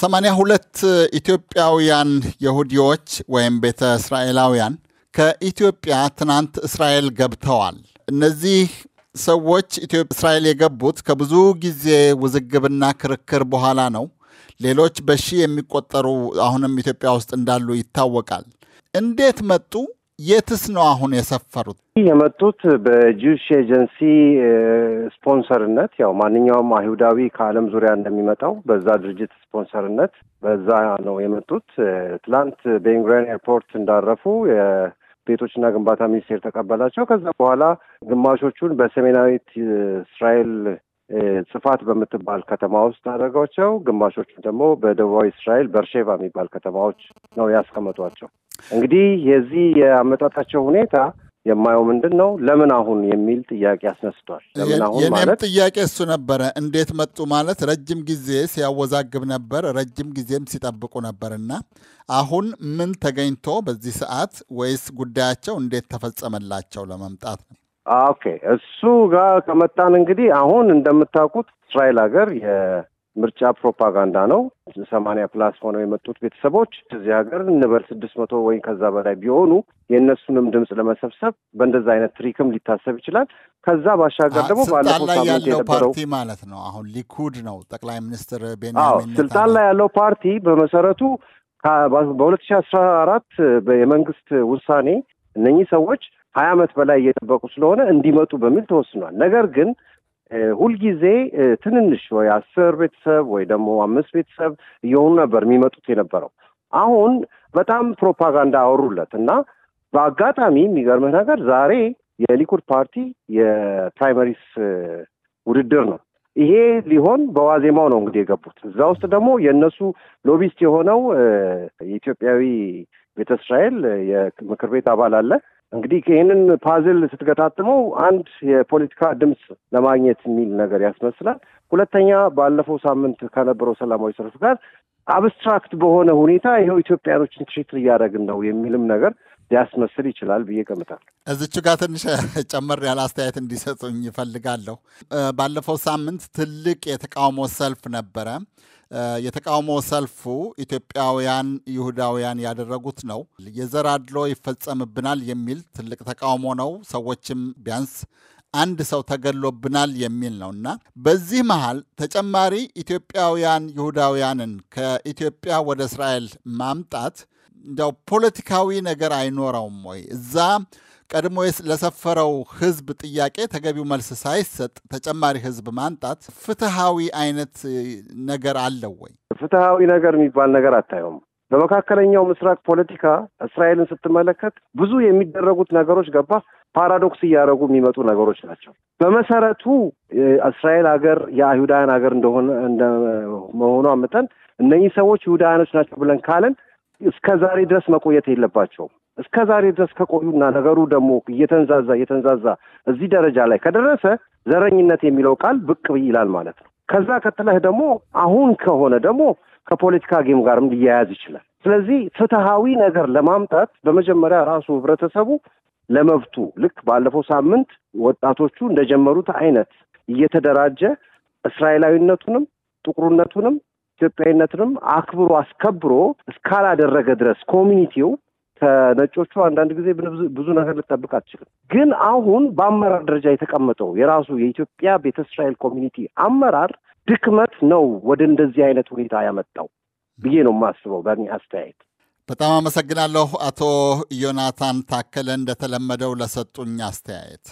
ሰማንያ ሁለት uh, ኢትዮጵያውያን የሁዲዎች ወይም ቤተ እስራኤላውያን ከኢትዮጵያ ትናንት እስራኤል ገብተዋል። እነዚህ ሰዎች እስራኤል የገቡት ከብዙ ጊዜ ውዝግብና ክርክር በኋላ ነው። ሌሎች በሺ የሚቆጠሩ አሁንም ኢትዮጵያ ውስጥ እንዳሉ ይታወቃል። እንዴት መጡ? የትስ ነው አሁን የሰፈሩት? የመጡት በጂውሽ ኤጀንሲ ስፖንሰርነት ያው ማንኛውም አይሁዳዊ ከዓለም ዙሪያ እንደሚመጣው በዛ ድርጅት ስፖንሰርነት በዛ ነው የመጡት። ትላንት በኢንጉራን ኤርፖርት እንዳረፉ ቤቶችና ግንባታ ሚኒስቴር ተቀበላቸው። ከዛ በኋላ ግማሾቹን በሰሜናዊት እስራኤል ጽፋት በምትባል ከተማ ውስጥ አደረጓቸው። ግማሾቹ ደግሞ በደቡባዊ እስራኤል በርሼቫ የሚባል ከተማዎች ነው ያስቀመጧቸው። እንግዲህ የዚህ የአመጣጣቸው ሁኔታ የማየው ምንድን ነው ለምን አሁን የሚል ጥያቄ አስነስቷል። ለምን ጥያቄ እሱ ነበረ። እንዴት መጡ ማለት ረጅም ጊዜ ሲያወዛግብ ነበር፣ ረጅም ጊዜም ሲጠብቁ ነበር እና አሁን ምን ተገኝቶ በዚህ ሰዓት ወይስ ጉዳያቸው እንዴት ተፈጸመላቸው ለመምጣት ነው? ኦኬ እሱ ጋር ከመጣን እንግዲህ አሁን እንደምታውቁት እስራኤል ሀገር የምርጫ ፕሮፓጋንዳ ነው። ሰማንያ ፕላስ ሆነው የመጡት ቤተሰቦች እዚህ ሀገር እንበል ስድስት መቶ ወይም ከዛ በላይ ቢሆኑ የእነሱንም ድምፅ ለመሰብሰብ በእንደዛ አይነት ትሪክም ሊታሰብ ይችላል። ከዛ ባሻገር ደግሞ ባለፈው ሳምንት የነበረው ፓርቲ ማለት ነው አሁን ሊኩድ ነው ጠቅላይ ሚኒስትር ቤንያሚን ስልጣን ላይ ያለው ፓርቲ በመሰረቱ በሁለት ሺህ አስራ አራት የመንግስት ውሳኔ እነኚህ ሰዎች ሀያ ዓመት በላይ እየጠበቁ ስለሆነ እንዲመጡ በሚል ተወስኗል። ነገር ግን ሁልጊዜ ትንንሽ ወይ አስር ቤተሰብ ወይ ደግሞ አምስት ቤተሰብ እየሆኑ ነበር የሚመጡት የነበረው። አሁን በጣም ፕሮፓጋንዳ አወሩለት እና በአጋጣሚ የሚገርምህ ነገር ዛሬ የሊኩድ ፓርቲ የፕራይመሪስ ውድድር ነው። ይሄ ሊሆን በዋዜማው ነው እንግዲህ የገቡት። እዛ ውስጥ ደግሞ የእነሱ ሎቢስት የሆነው የኢትዮጵያዊ ቤተ እስራኤል የምክር ቤት አባል አለ። እንግዲህ ይህንን ፓዝል ስትገጣጥመው አንድ የፖለቲካ ድምፅ ለማግኘት የሚል ነገር ያስመስላል። ሁለተኛ ባለፈው ሳምንት ከነበረው ሰላማዊ ሰልፍ ጋር አብስትራክት በሆነ ሁኔታ ይኸው ኢትዮጵያኖችን ትሪት እያደረግን ነው የሚልም ነገር ሊያስመስል ይችላል ብዬ ገምታለሁ። እዚች ጋር ትንሽ ጨመር ያለ አስተያየት እንዲሰጡኝ ይፈልጋለሁ። ባለፈው ሳምንት ትልቅ የተቃውሞ ሰልፍ ነበረ። የተቃውሞ ሰልፉ ኢትዮጵያውያን ይሁዳውያን ያደረጉት ነው። የዘር አድሎ ይፈጸምብናል የሚል ትልቅ ተቃውሞ ነው። ሰዎችም ቢያንስ አንድ ሰው ተገሎብናል የሚል ነው እና በዚህ መሃል ተጨማሪ ኢትዮጵያውያን ይሁዳውያንን ከኢትዮጵያ ወደ እስራኤል ማምጣት እንዲያው ፖለቲካዊ ነገር አይኖረውም ወይ? እዛ ቀድሞ ለሰፈረው ህዝብ ጥያቄ ተገቢው መልስ ሳይሰጥ ተጨማሪ ህዝብ ማንጣት ፍትሃዊ አይነት ነገር አለው ወይ? ፍትሃዊ ነገር የሚባል ነገር አታየውም። በመካከለኛው ምስራቅ ፖለቲካ እስራኤልን ስትመለከት ብዙ የሚደረጉት ነገሮች ገባ ፓራዶክስ እያደረጉ የሚመጡ ነገሮች ናቸው። በመሰረቱ እስራኤል ሀገር የአይሁዳውያን ሀገር እንደሆነ መሆኗ መጠን እነኚህ ሰዎች ይሁዳውያኖች ናቸው ብለን ካለን እስከ ዛሬ ድረስ መቆየት የለባቸውም። እስከ ዛሬ ድረስ ከቆዩና ነገሩ ደግሞ እየተንዛዛ እየተንዛዛ እዚህ ደረጃ ላይ ከደረሰ ዘረኝነት የሚለው ቃል ብቅ ይላል ማለት ነው። ከዛ ከትለህ ደግሞ አሁን ከሆነ ደግሞ ከፖለቲካ ጌም ጋርም ሊያያዝ ይችላል። ስለዚህ ፍትሃዊ ነገር ለማምጣት በመጀመሪያ ራሱ ህብረተሰቡ ለመብቱ ልክ ባለፈው ሳምንት ወጣቶቹ እንደጀመሩት አይነት እየተደራጀ እስራኤላዊነቱንም ጥቁርነቱንም ኢትዮጵያዊነትንም አክብሮ አስከብሮ እስካላደረገ ድረስ ኮሚኒቲው ከነጮቹ አንዳንድ ጊዜ ብዙ ነገር ልጠብቅ አትችልም። ግን አሁን በአመራር ደረጃ የተቀመጠው የራሱ የኢትዮጵያ ቤተ እስራኤል ኮሚኒቲ አመራር ድክመት ነው ወደ እንደዚህ አይነት ሁኔታ ያመጣው ብዬ ነው የማስበው በእኔ አስተያየት። በጣም አመሰግናለሁ አቶ ዮናታን ታከለ እንደተለመደው ለሰጡኝ አስተያየት።